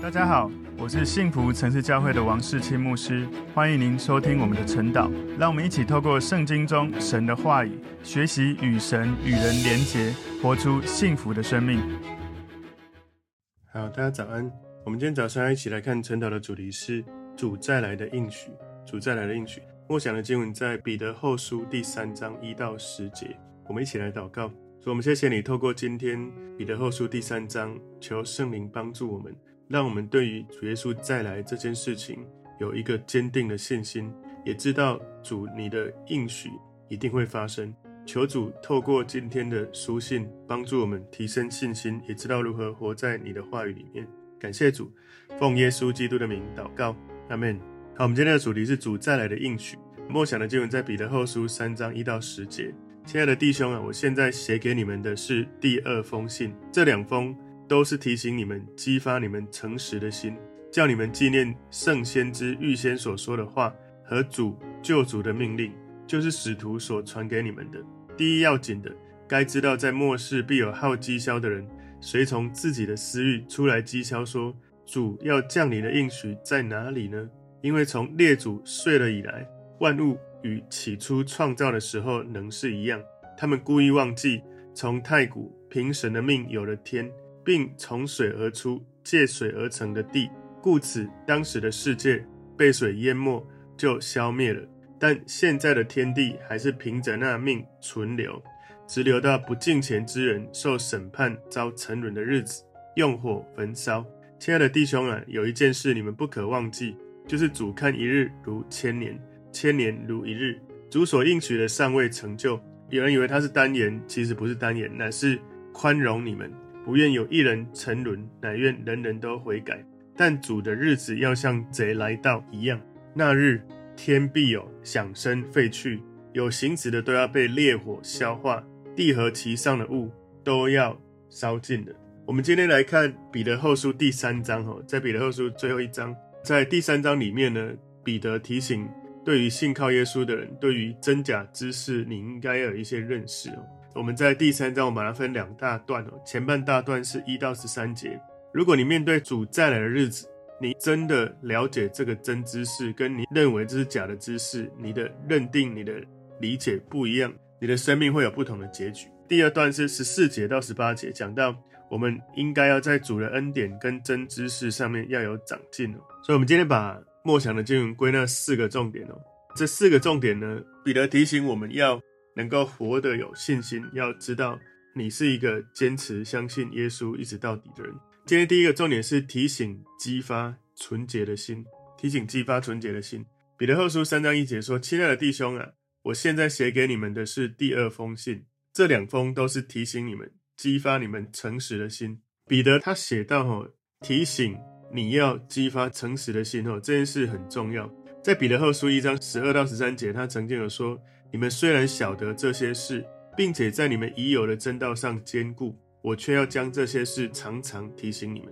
大家好，我是幸福城市教會的王世清牧師，歡迎您收聽我們的晨禱。讓我們一起透過聖經中神的話語，學習與神與人連結，活出幸福的生命。好，大家早安。我們今天早上要一起來看晨禱的主題是“主再來的應許”。主再來的應許，默想的經文在彼得後書第三章一到十節。我們一起來禱告，說：“我們謝謝你，透過今天彼得後書第三章，求聖靈幫助我們。”讓我們對於主耶穌再來這件事情有一個堅定的信心，也知道主你的應許一定會發生。求主透過今天的書信幫助我們提升信心，也知道如何活在你的話語裡面。感謝主，奉耶穌基督的名禱告，阿門。好，我們今天的主題是主再來的應許。默想的經文在彼得後書三章一到十節。親愛的弟兄啊，我現在寫給你們的是第二封信，這兩封。都是提醒你們，激發你們誠實的心，叫你們紀念聖先知預先所說的話和主救主的命令，就是使徒所傳給你們的。第一要緊的，該知道在末世必有好譏誚的人，隨從自己的私欲出來譏誚說：“主要降臨的應許在哪裡呢？”因為從列祖睡了以來，萬物與起初創造的時候能是一樣，他們故意忘記從太古憑神的命有了天，並從水而出，借水而成的地，故此當時的世界被水淹沒，就消滅了。但現在的天地還是憑着那命存留，直留到不敬虔之人受審判、遭沉淪的日子，用火焚燒。親愛的弟兄啊，有一件事你們不可忘記，就是主看一日如千年，千年如一日。主所應許的尚未成就，有人以為他是耽延，其實不是耽延，乃是寬容你們。不願有一人沉淪，乃願人人都悔改。但主的日子要像賊來到一樣，那日天必有響聲廢去，有形質的都要被烈火消化，地和其上的物都要燒盡了。我們今天來看彼得後書第三章，在彼得後書最後一章，在第三章裡面呢，彼得提醒對於信靠耶穌的人，對於真假知識，你應該有一些認識。我們在第三章，我把它分兩大段哦。前半大段是一到十三節。如果你面對主再來的日子，你真的了解這個真知識，跟你認為這是假的知識，你的認定、你的理解不一樣，你的生命會有不同的結局。第二段是十四節到十八節，講到我們應該要在主的恩典跟真知識上面要有長進哦。所以，我們今天把默想的經文歸納四個重點哦。這四個重點呢，彼得提醒我們要。能夠活得有信心，要知道你是一個堅持相信耶穌一直到底的人。今天第一個重點是提醒激發純潔的心，提醒激發純潔的心。彼得後書三章一節說：“親愛的弟兄啊，我現在寫給你們的是第二封信，這兩封都是提醒你們、激發你們誠實的心。”彼得他寫到：“哈，提醒你要激發誠實的心，哦，這件事很重要。”在彼得後書一章十二到十三節，他曾經有說。你們雖然曉得這些事，並且在你們已有的真道上堅固，我卻要將這些事常常提醒你們。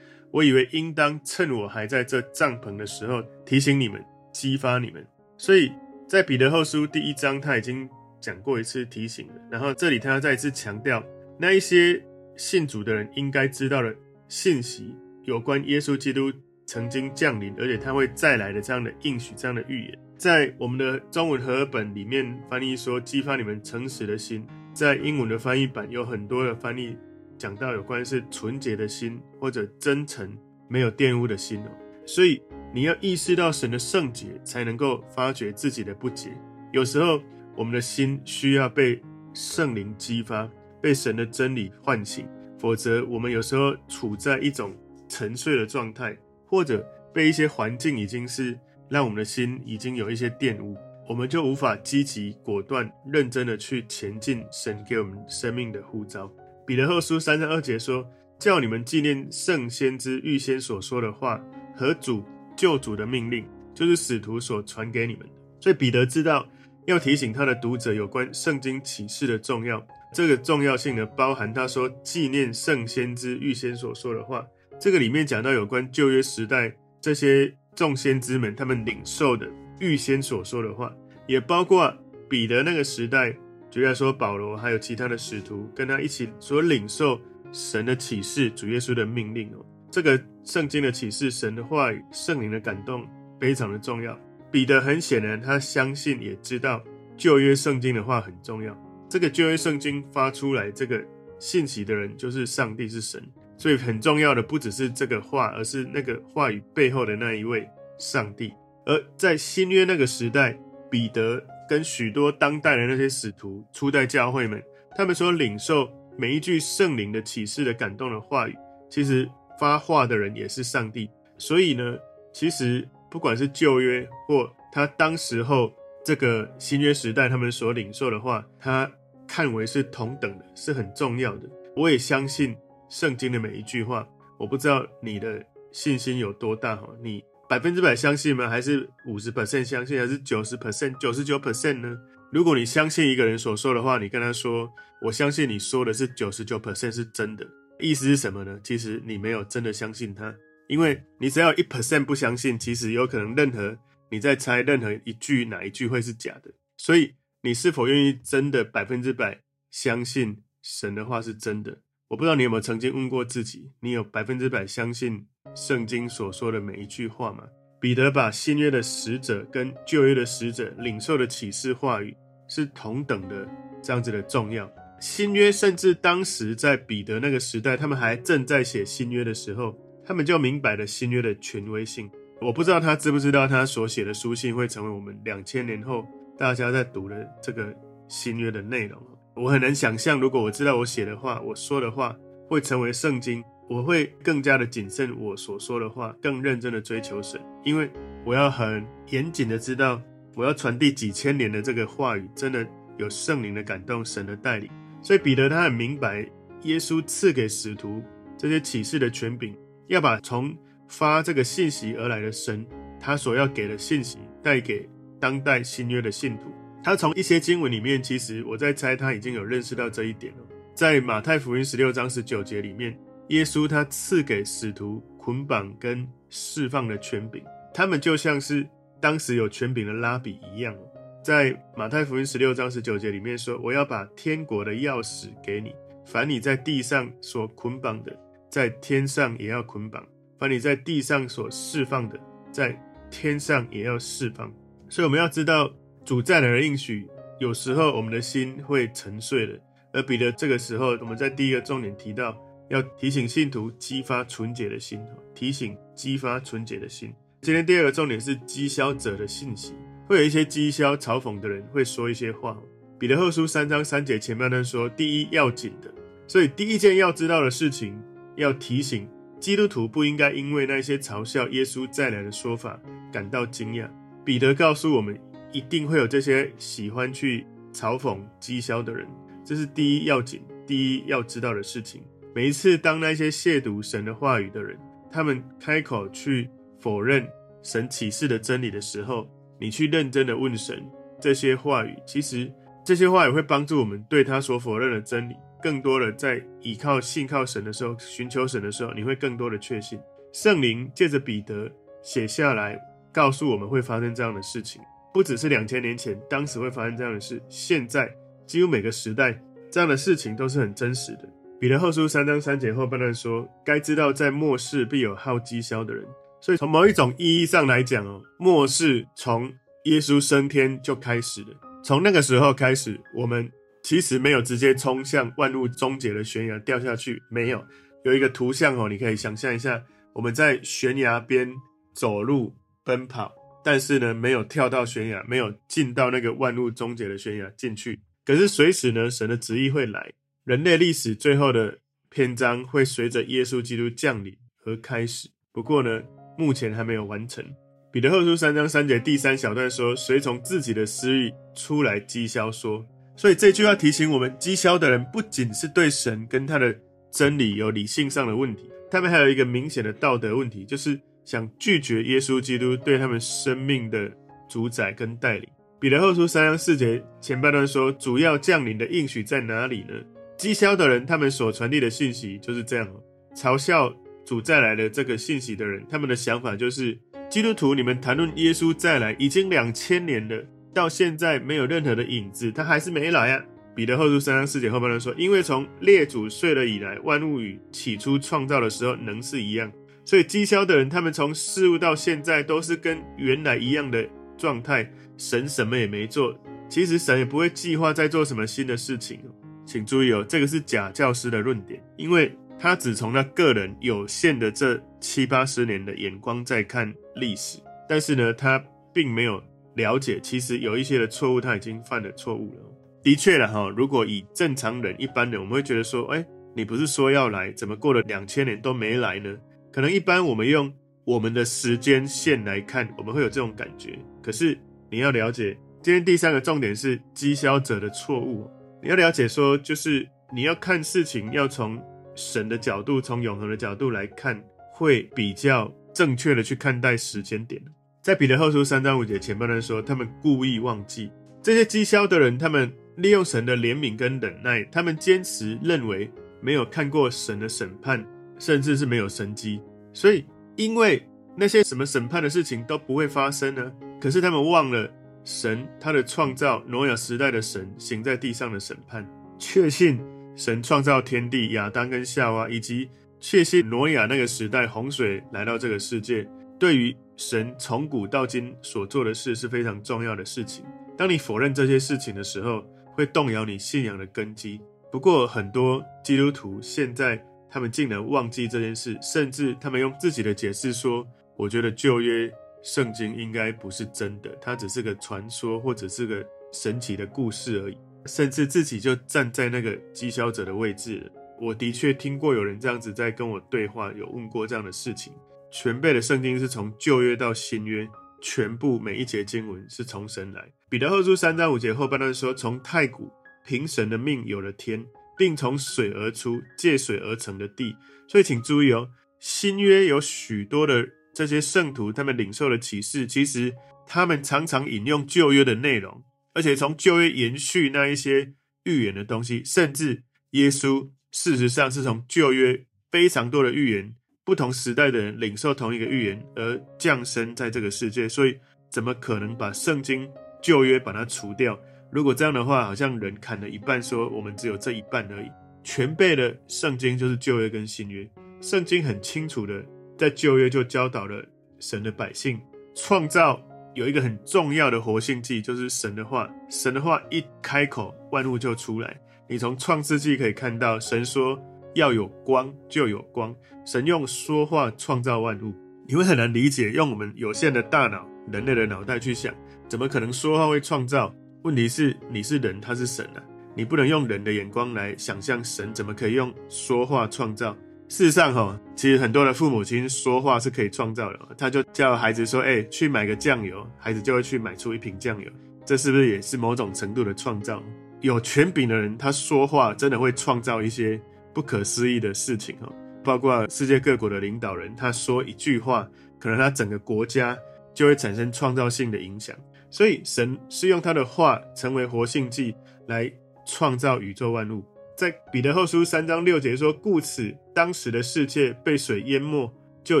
我以為應當趁我還在這帳篷的時候提醒你們、激發你們。所以在彼得後書第一章，他已經講過一次提醒了。然後這裡他再一次強調，那一些信主的人應該知道的信息，有關耶穌基督曾經降臨，而且他會再來的這樣的應許、這樣的預言。在我們的中文和合本裡面翻譯說，激發你們誠實的心。在英文的翻譯版有很多的翻譯講到有關是純潔的心，或者真誠、沒有玷污的心哦。所以你要意識到神的聖潔，才能夠發覺自己的不潔。有時候我們的心需要被聖靈激發，被神的真理喚醒，否則我們有時候處在一種沉睡的狀態，或者被一些環境已經是。讓我們的心已經有一些玷污，我們就無法積極、果斷、認真的去前進。神給我們生命的護照。彼得後書三章二節說：“叫你們紀念聖先知預先所說的話和主救主的命令，就是使徒所傳給你們。”所以彼得知道要提醒他的讀者有關聖經啟示的重要。這個重要性呢，包含他說紀念聖先知預先所說的話。這個裡面講到有關舊約時代這些。眾先之門，他們領受的預先所說的話，也包括彼得那個時代，就要說保羅還有其他的使徒跟他一起所領受神的啟示、主耶穌的命令哦。這個聖經的啟示、神的話語、聖靈的感動非常的重要。彼得很顯然，他相信也知道舊約聖經的話很重要。這個舊約聖經發出來這個信息的人，就是上帝是神。所以很重要的不只是這個話，而是那個話語背後的那一位上帝。而在新約那個時代，彼得跟許多當代的那些使徒、初代教會們，他們所領受每一句聖靈的啟示的感動的話語，其實發話的人也是上帝。所以呢，其實不管是舊約或他當時候這個新約時代，他們所領受的話，他看為是同等的，是很重要的。我也相信。聖經的每一句話，我不知道你的信心有多大哈？你百分之百相信嗎？還是五十 percent 相信？還是九十 percent、九十九 percent 呢？如果你相信一個人所說的話，你跟他說：“我相信你說的是九十九 percent 是真的。”意思是什麼呢？其實你沒有真的相信他，因為你只要一 percent 不相信，其實有可能任何你在猜任何一句哪一句會是假的。所以，你是否願意真的百分之百相信神的話是真的？我不知道你有沒有曾經問過自己，你有百分之百相信聖經所說的每一句話嗎？彼得把新約的使者跟舊約的使者領受的啟示話語是同等的，這樣子的重要。新約甚至當時在彼得那個時代，他們還正在寫新約的時候，他們就明白了新約的權威性。我不知道他知不知道，他所寫的書信會成為我們兩千年後大家在讀的這個新約的內容。我很難想象，如果我知道我寫的話，我說的話會成為聖經，我會更加的謹慎我所說的話，更認真的追求神，因為我要很嚴謹的知道，我要傳遞幾千年的這個話語，真的有聖靈的感動，神的帶領。所以彼得他很明白，耶穌賜給使徒這些啟示的權柄，要把從發這個信息而來的神，他所要給的信息帶給當代新約的信徒。他從一些經文裡面，其實我在猜，他已經有認識到這一點了。在馬太福音十六章十九節裡面，耶穌他賜給使徒捆綁跟釋放的權柄，他們就像是當時有權柄的拉比一樣。在馬太福音十六章十九節裡面說：“我要把天國的鑰匙給你，凡你在地上所捆綁的，在天上也要捆綁；凡你在地上所釋放的，在天上也要釋放。”所以我們要知道。主再來的應許，有時候我們的心會沉睡了。而彼得這個時候，我們在第一個重點提到，要提醒信徒激發純潔的心，提醒激發純潔的心。今天第二個重點是譏誚者的信息，會有一些譏誚、嘲諷的人會說一些話。彼得後書三章三節前半段說，第一要緊的，所以第一件要知道的事情，要提醒基督徒不應該因為那些嘲笑耶穌再來的說法感到驚訝。彼得告訴我們。一定會有這些喜歡去嘲諷譏笑的人，這是第一要緊、第一要知道的事情。每一次當那些褻瀆神的話語的人，他們開口去否認神啟示的真理的時候，你去認真的問神這些話語其實，這些話語其實這些話也會幫助我們對他所否認的真理，更多的在倚靠信靠神的時候、尋求神的時候，你會更多的確信，聖靈借着彼得寫下來，告訴我們會發生這樣的事情。不只是兩千年前，當時會發生這樣的事。現在，幾乎每個時代，這樣的事情都是很真實的。彼得後書三章三節後半段說：“該知道，在末世必有好譏誚的人。”所以，從某一種意義上來講哦，末世從耶穌升天就開始了。從那個時候開始，我們其實沒有直接衝向萬物終結的懸崖掉下去。沒有，有一個圖像哦，你可以想象一下，我們在懸崖邊走路、奔跑。但是呢，沒有跳到懸崖，沒有進到那個萬物終結的懸崖進去。可是隨時呢，神的旨意會來，人類歷史最後的篇章會隨着耶穌基督降臨和開始。不過呢，目前還沒有完成。彼得後書三章三節第三小段說：“隨從自己的私欲出來譏誚說。”所以這句話提醒我們，譏誚的人不僅是對神跟他的真理有理性上的問題，他們還有一個明顯的道德問題，就是想拒絕耶穌基督對他們生命的主宰跟帶領。彼得後書三章四節前半段說：“主要降臨的應許在哪裡呢？”譏誚的人，他們所傳遞的信息就是這樣：嘲笑主再來的這個信息的人，他們的想法就是：基督徒，你們談論耶穌再來已經兩千年了，到現在沒有任何的影子，他還是沒來呀、啊！彼得後書三章四節後半段說：“因為從列祖睡了以來，萬物與起初創造的時候能是一樣。”所以譏誚的人，他們從事物到現在都是跟原來一樣的狀態。神什麼也沒做，其實神也不會計劃再做什麼新的事情。請注意哦，這個是假教師的論點，因為他只從他個人有限的這七八十年的眼光在看歷史，但是呢，他並沒有了解，其實有一些的錯誤他已經犯了錯誤了。的確了哈，如果以正常人、一般人，我們會覺得說，哎，你不是說要來，怎麼過了兩千年都沒來呢？可能一般我們用我們的時間線來看，我們會有這種感覺。可是你要了解，今天第三個重點是譏誚者的錯誤。你要了解說，就是你要看事情，要從神的角度，從永恆的角度來看，會比較正確的去看待時間點。在彼得後書三章五節前半段說，他們故意忘記這些譏誚的人，他們利用神的憐憫跟忍耐，他們堅持認為沒有看過神的審判。甚至是沒有神蹟，所以因為那些什麼審判的事情都不會發生呢？可是他們忘了神，他的創造，挪亞時代的神，行在地上的審判，確信神創造天地，亞當跟夏娃，以及確信挪亞那個時代洪水來到這個世界，對於神從古到今所做的事是非常重要的事情。當你否認這些事情的時候，會動搖你信仰的根基。不過很多基督徒現在。他們竟然忘記這件事，甚至他們用自己的解釋說：“我覺得舊約聖經應該不是真的，它只是個傳說或者是個神奇的故事而已。”甚至自己就站在那個譏笑者的位置了。我的確聽過有人這樣子在跟我對話，有問過這樣的事情。全備的聖經是從舊約到新約，全部每一節經文是從神來。彼得後書三章五節後半段說：“從太古憑神的命有了天。”並從水而出，借水而成的地，所以請注意哦。新約有許多的這些聖徒，他們領受的啟示，其實他們常常引用舊約的內容，而且從舊約延續那一些預言的東西，甚至耶穌事實上是從舊約非常多的預言，不同時代的人領受同一個預言而降生在這個世界，所以怎麼可能把聖經舊約把它除掉？如果這樣的話，好像人砍了一半說，說我們只有這一半而已。全背的聖經就是舊約跟新約。聖經很清楚的，在舊約就教導了神的百姓，創造有一個很重要的活性劑，就是神的話。神的話一開口，萬物就出來。你從創世記可以看到，神說要有光，就有光。神用說話創造萬物，你會很難理解，用我們有限的大腦，人類的腦袋去想，怎麼可能說話會創造？問題是你是人，他是神啊，你不能用人的眼光來想象神怎麼可以用說話創造。事實上，哈，其實很多的父母親說話是可以創造的，他就叫孩子說，哎，去買個醬油，孩子就會去買出一瓶醬油。這是不是也是某種程度的創造？有權柄的人，他說話真的會創造一些不可思議的事情，哈，包括世界各國的領導人，他說一句話，可能他整個國家就會產生創造性的影響。所以神是用他的話成為活性劑來創造宇宙萬物，在彼得後書三章六節說：“故此，當時的世界被水淹沒就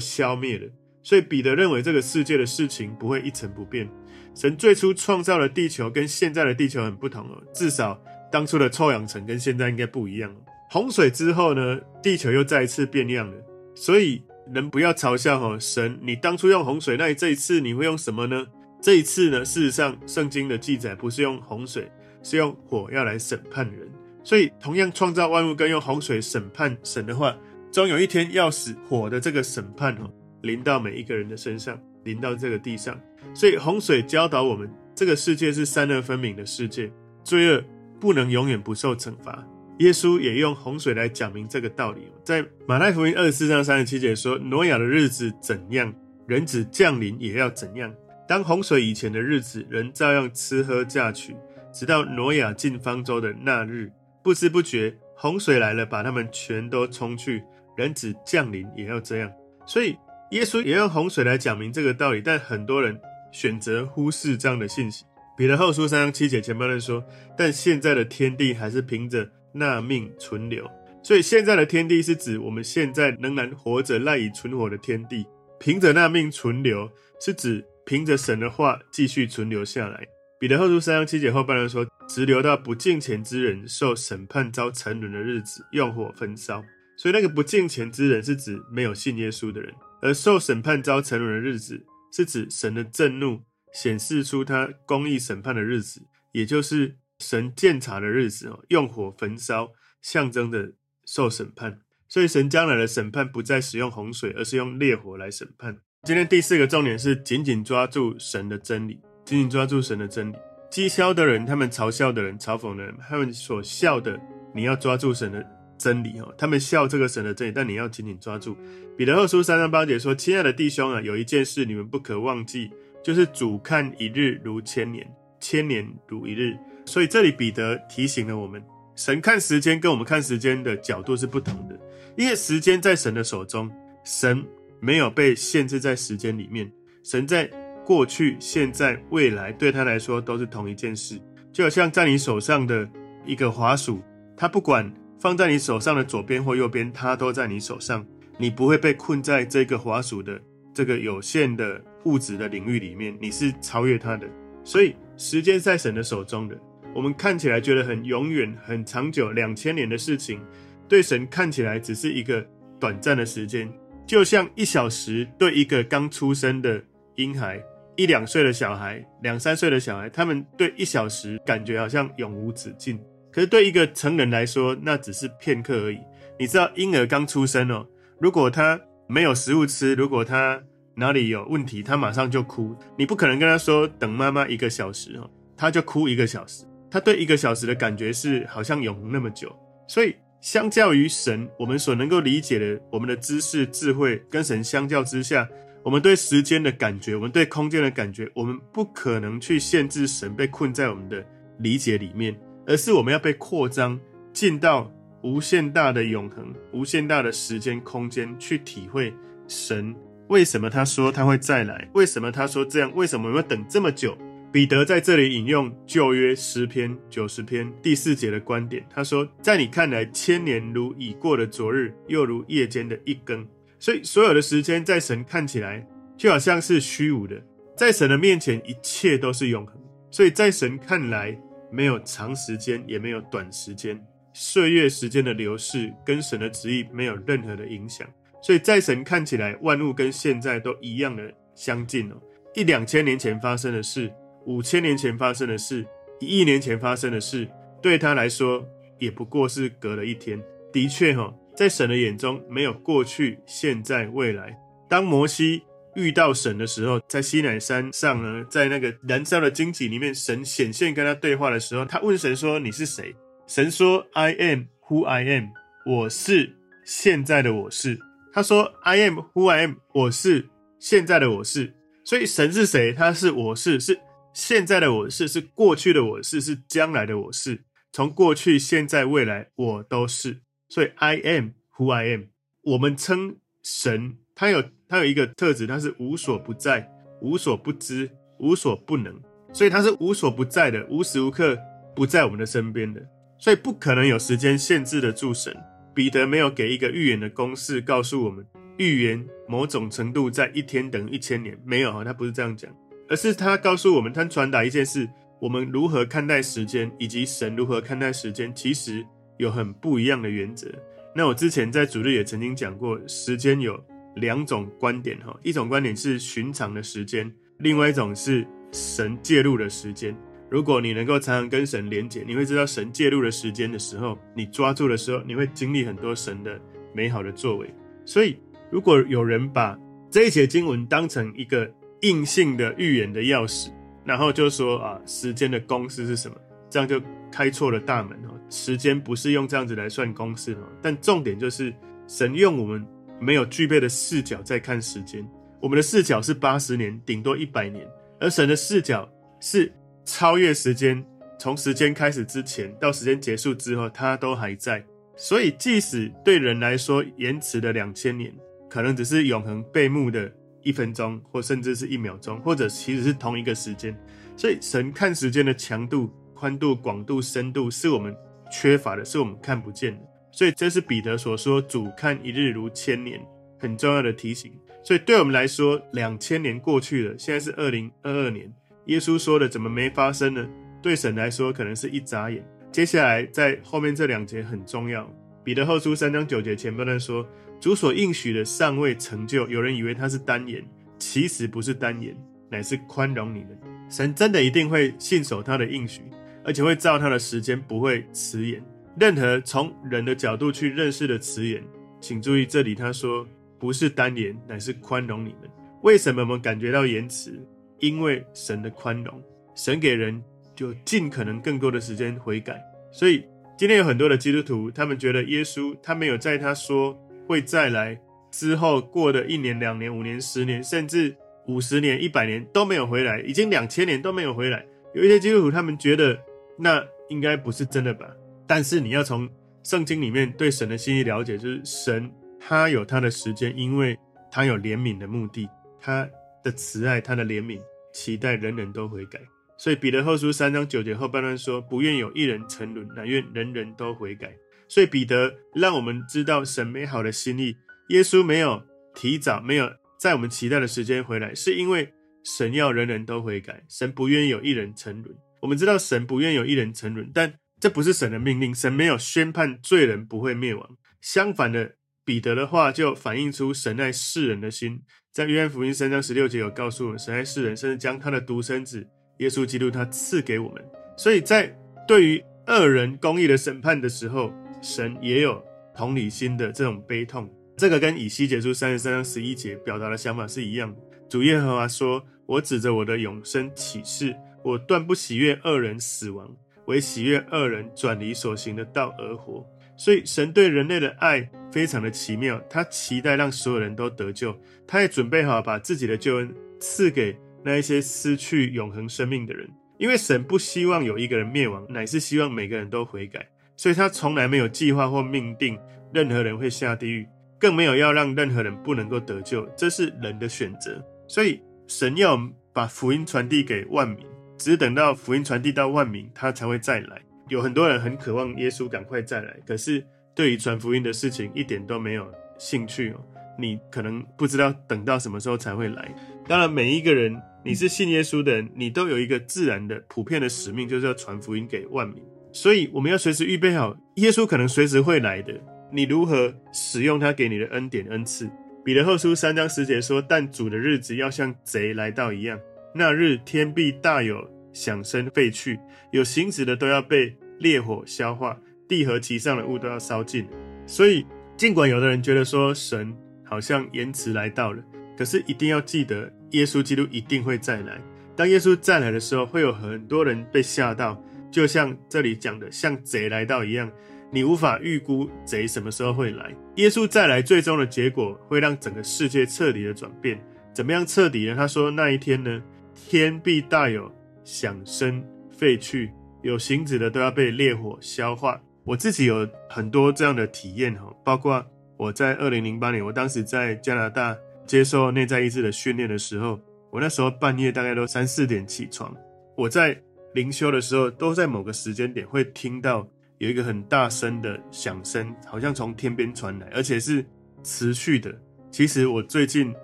消滅了。”所以彼得認為這個世界的事情不會一成不變。神最初創造了地球，跟現在的地球很不同哦。至少當初的臭氧層跟現在應該不一樣哦。洪水之後呢，地球又再一次變樣了。所以人不要嘲笑哦，神，你當初用洪水，那你這一次你會用什麼呢？這一次呢，事實上，聖經的記載不是用洪水，是用火要來審判人。所以，同樣創造萬物跟用洪水審判神的話，終有一天要使火的這個審判哦，臨到每一個人的身上，臨到這個地上。所以，洪水教導我們，這個世界是善惡分明的世界，罪惡不能永遠不受懲罰。耶穌也用洪水來講明這個道理，在馬太福音二十四章三十七節說：“挪亞的日子怎樣，人子降臨也要怎樣。”當洪水以前的日子，人照樣吃喝嫁娶，直到挪亞進方舟的那日，不知不覺洪水來了，把他們全都衝去。人子降臨也要這樣，所以耶穌也用洪水來講明這個道理。但很多人選擇忽視這樣的信息。彼得後書三章七節前面說：“但現在的天地還是憑着那命存留。”所以現在的天地是指我們現在仍然活着、賴以存活的天地。憑着那命存留是指。憑着神的話繼續存留下來。彼得後書三章七節後半段說：“直留到不敬虔之人受審判遭沉淪的日子，用火焚燒。”所以，那個不敬虔之人是指沒有信耶穌的人，而受審判遭沉淪的日子是指神的震怒顯示出他公義審判的日子，也就是神鑒察的日子哦。用火焚燒象徵著受審判，所以神將來的審判不再使用洪水，而是用烈火來審判。今天第四個重點是緊緊抓住神的真理，緊緊抓住神的真理。譏笑的人，他們嘲笑的人，嘲諷的人，他們所笑的，你要抓住神的真理哦。他們笑這個神的真理，但你要緊緊抓住。彼得後書三章八節說：“親愛的弟兄啊，有一件事你們不可忘記，就是主看一日如千年，千年如一日。”所以這裡彼得提醒了我們，神看時間跟我們看時間的角度是不同的，因為時間在神的手中，神。沒有被限制在時間裡面，神在過去、現在、未來對他來說都是同一件事，就好像在你手上的一個滑鼠，他不管放在你手上的左邊或右邊，他都在你手上，你不會被困在這個滑鼠的這個有限的物質的領域裡面，你是超越他的。所以，時間在神的手中的，我們看起來覺得很永遠、很長久，兩千年的事情，對神看起來只是一個短暫的時間。就像一小時對一個剛出生的嬰孩、一兩歲的小孩、兩三歲的小孩，他們對一小時感覺好像永無止境。可是對一個成人來說，那只是片刻而已。你知道嬰兒剛出生哦，如果他沒有食物吃，如果他哪裡有問題，他馬上就哭。你不可能跟他說等媽媽一個小時哦，他就哭一個小時。他對一個小時的感覺是好像永恆那麼久，所以。相較於神，我們所能夠理解的，我們的知識、智慧跟神相較之下，我們對時間的感覺，我們對空間的感覺，我們不可能去限制神被困在我們的理解裡面，而是我們要被擴張，進到無限大的永恆、無限大的時間空間去體會神。為什麼他說他會再來？為什麼他說這樣？為什麼我們要等這麼久？彼得在這裡引用舊約詩篇九十篇第四節的觀點，他說：“在你看來，千年如已過的昨日，又如夜間的一更。所以，所有的時間在神看起來就好像是虛無的，在神的面前，一切都是永恆。所以在神看來，沒有長時間，也沒有短時間。歲月時間的流逝跟神的旨意沒有任何的影響。所以在神看起來，萬物跟現在都一樣的相近哦，一兩千年前發生的事。”五千年前發生的事，一億年前發生的事，對他來說也不過是隔了一天。的確，哦，哈，在神的眼中沒有過去、現在、未來。當摩西遇到神的時候，在西乃山上呢，在那個燃燒的荊棘裡面，神顯現跟他對話的時候，他問神說：“你是誰？”神說：“I am who I am，我是現在的我是。”他說：“I am who I am，我是現在的我是。”所以神是誰？他是我是是。現在的我是，是過去的我是，是將來的我是。從過去、現在、未來，我都是。所以 I am who I am。我們稱神，他有他有一個特質，他是無所不在、無所不知、無所不能。所以他是無所不在的，無時無刻不在我們的身邊的。所以不可能有時間限制得住神。彼得沒有給一個預言的公式告訴我們，預言某種程度在一天等於一千年，沒有啊，他不是這樣講。而是他告訴我們，他傳達一件事：我們如何看待時間，以及神如何看待時間，其實有很不一樣的原則。那我之前在主日也曾經講過，時間有兩種觀點哈，一種觀點是尋常的時間，另外一種是神介入的時間。如果你能夠常常跟神連接，你會知道神介入的時間的時候，你抓住的時候，你會經歷很多神的美好的作為。所以，如果有人把這一節經文當成一個硬性的預言的鑰匙，然後就說啊，時間的公式是什麼？這樣就開錯了大門哦。時間不是用這樣子來算公式哦。但重點就是，神用我們沒有具備的視角在看時間。我們的視角是八十年，頂多一百年，而神的視角是超越時間，從時間開始之前到時間結束之後，他都還在。所以，即使對人來說延遲了兩千年，可能只是永恆背幕的。一分鐘，或甚至是一秒鐘，或者其實是同一個時間。所以神看時間的強度、寬度、廣度、深度，是我們缺乏的，是我們看不見的。所以這是彼得所說“主看一日如千年”很重要的提醒。所以對我們來說，兩千年過去了，現在是二零二二年。耶穌說的怎麼沒發生呢？對神來說，可能是一眨眼。接下來在後面這兩節很重要，《彼得後書》三章九節前半段說。主所應許的尚未成就，有人以為他是耽延，其實不是耽延，乃是寬容你們。神真的一定會信守他的應許，而且會照他的時間，不會遲延。任何從人的角度去認識的遲延，請注意這裡他說不是耽延，乃是寬容你們。為什麼我們感覺到延遲？因為神的寬容，神給人就儘可能更多的時間悔改。所以今天有很多的基督徒，他們覺得耶穌他沒有在他說。會再來之後過的一年、兩年、五年、十年，甚至五十年、一百年都沒有回來，已經兩千年都沒有回來。有一些基督徒他們覺得那應該不是真的吧？但是你要從聖經裡面對神的信息了解，就是神他有他的時間，因為他有憐憫的目的，他的慈愛，他的憐憫，期待人人都悔改。所以彼得後書三章九節後半段說：“不願有一人沉淪，但願人人都悔改。”所以彼得讓我們知道神美好的心意。耶穌沒有提早，沒有在我們期待的時間回來，是因為神要人人都悔改，神不願有一人沉淪。我們知道神不願有一人沉淪，但這不是神的命令。神沒有宣判罪人不會滅亡。相反的，彼得的話就反映出神愛世人的心。在約翰福音三章十六節有告訴我們，神愛世人，甚至將他的獨生子耶穌基督，他賜給我們。所以在對於惡人公義的審判的時候，神也有同理心的這種悲痛，這個跟以西結書三十三章十一節表達的想法是一樣的。主耶和華說：“我指着我的永生起誓，我斷不喜悅惡人死亡，唯喜悅惡人轉離所行的道而活。”所以神對人類的愛非常的奇妙，他期待讓所有人都得救，他也準備好把自己的救恩賜給那一些失去永恆生命的人，因為神不希望有一個人滅亡，乃是希望每個人都悔改。所以他從來沒有計劃或命定任何人會下地獄，更沒有要讓任何人不能夠得救。這是人的選擇。所以神要把福音傳遞給萬民，只是等到福音傳遞到萬民，他才會再來。有很多人很渴望耶穌趕快再來，可是對於傳福音的事情一點都沒有興趣。你可能不知道等到什麼時候才會來。當然，每一個人你是信耶穌的人，你都有一個自然的、普遍的使命，就是要傳福音給萬民。所以，我們要隨時預備好，耶穌可能隨時會來的。你如何使用他給你的恩典、恩賜？彼得後書三章十節說：“但主的日子要像賊來到一樣，那日天必大有響聲廢去，有形質的都要被烈火消化，地和其上的物都要燒盡。”所以，儘管有的人覺得說神好像延遲來到了，可是一定要記得，耶穌基督一定會再來。當耶穌再來的時候，會有很多人被嚇到。就像這裡講的，像賊來到一樣，你無法預估賊什麼時候會來。耶穌再來，最終的結果會讓整個世界徹底的轉變。怎麼樣徹底呢？他說那一天呢，天必大有響聲廢去，有形質的都要被烈火消化。我自己有很多這樣的體驗哈，包括我在二零零八年，我當時在加拿大接受內在意志的訓練的時候，我那時候半夜大概都三四點起床，我在。靈修的時候，都在某個時間點會聽到有一個很大聲的響聲，好像從天邊傳來，而且是持續的。其實我最近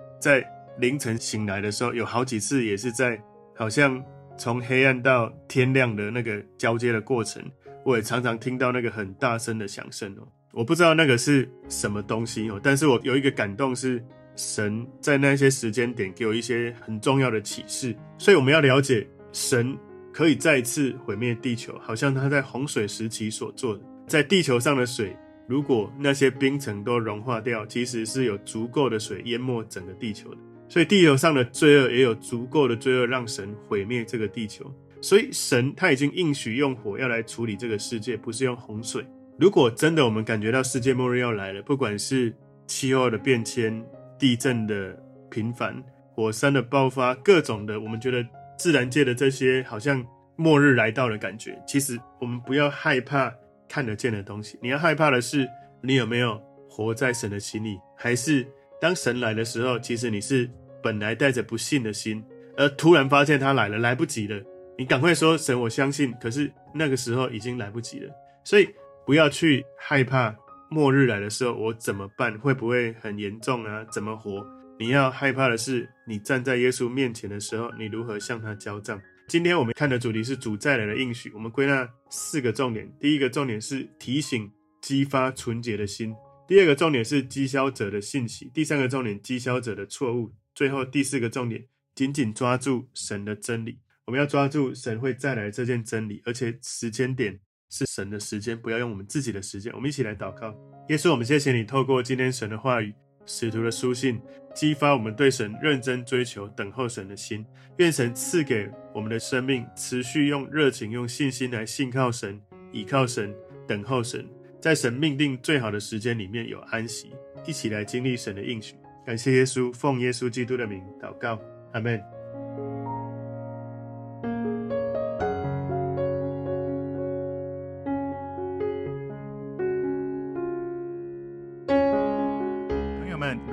在凌晨醒來的時候，有好幾次也是在好像從黑暗到天亮的那個交接的過程，我也常常聽到那個很大聲的響聲哦。我不知道那個是什麼東西哦，但是我有一個感動，是神在那些時間點給我一些很重要的啟示。所以我們要了解神。可以再次毀滅地球，好像他在洪水時期所做的。在地球上的水，如果那些冰層都融化掉，其實是有足夠的水淹沒整個地球的。所以地球上的罪惡也有足夠的罪惡讓神毀滅這個地球。所以神他已經應許用火要來處理這個世界，不是用洪水。如果真的我們感覺到世界末日要來了，不管是氣候的變遷、地震的頻繁、火山的爆發、各種的我們覺得。自然界的這些好像末日來到的感覺，其實我們不要害怕看得見的東西，你要害怕的是你有沒有活在神的心裡，還是當神來的時候，其實你是本來帶着不信的心，而突然發現他來了，來不及了，你趕快說神，我相信，可是那個時候已經來不及了，所以不要去害怕末日來的時候我怎麼辦，會不會很嚴重啊？怎麼活？你要害怕的是，你站在耶穌面前的時候，你如何向他交賬？今天我們看的主題是主再來的應許。我們歸納四個重點：第一個重點是提醒、激發純潔的心；第二個重點是譏誚者的信息；第三個重點譏誚者的錯誤；最後第四個重點緊緊抓住神的真理。我們要抓住神會再來的這件真理，而且時間點是神的時間，不要用我們自己的時間。我們一起來禱告：耶穌，我們謝謝你，透過今天神的話語。使徒的書信激發我們對神認真追求、等候神的心。願神賜給我們的生命，持續用熱情、用信心來信靠神、倚靠神、等候神，在神命定最好的時間裡面有安息。一起來經歷神的應許。感謝耶穌，奉耶穌基督的名禱告，阿門。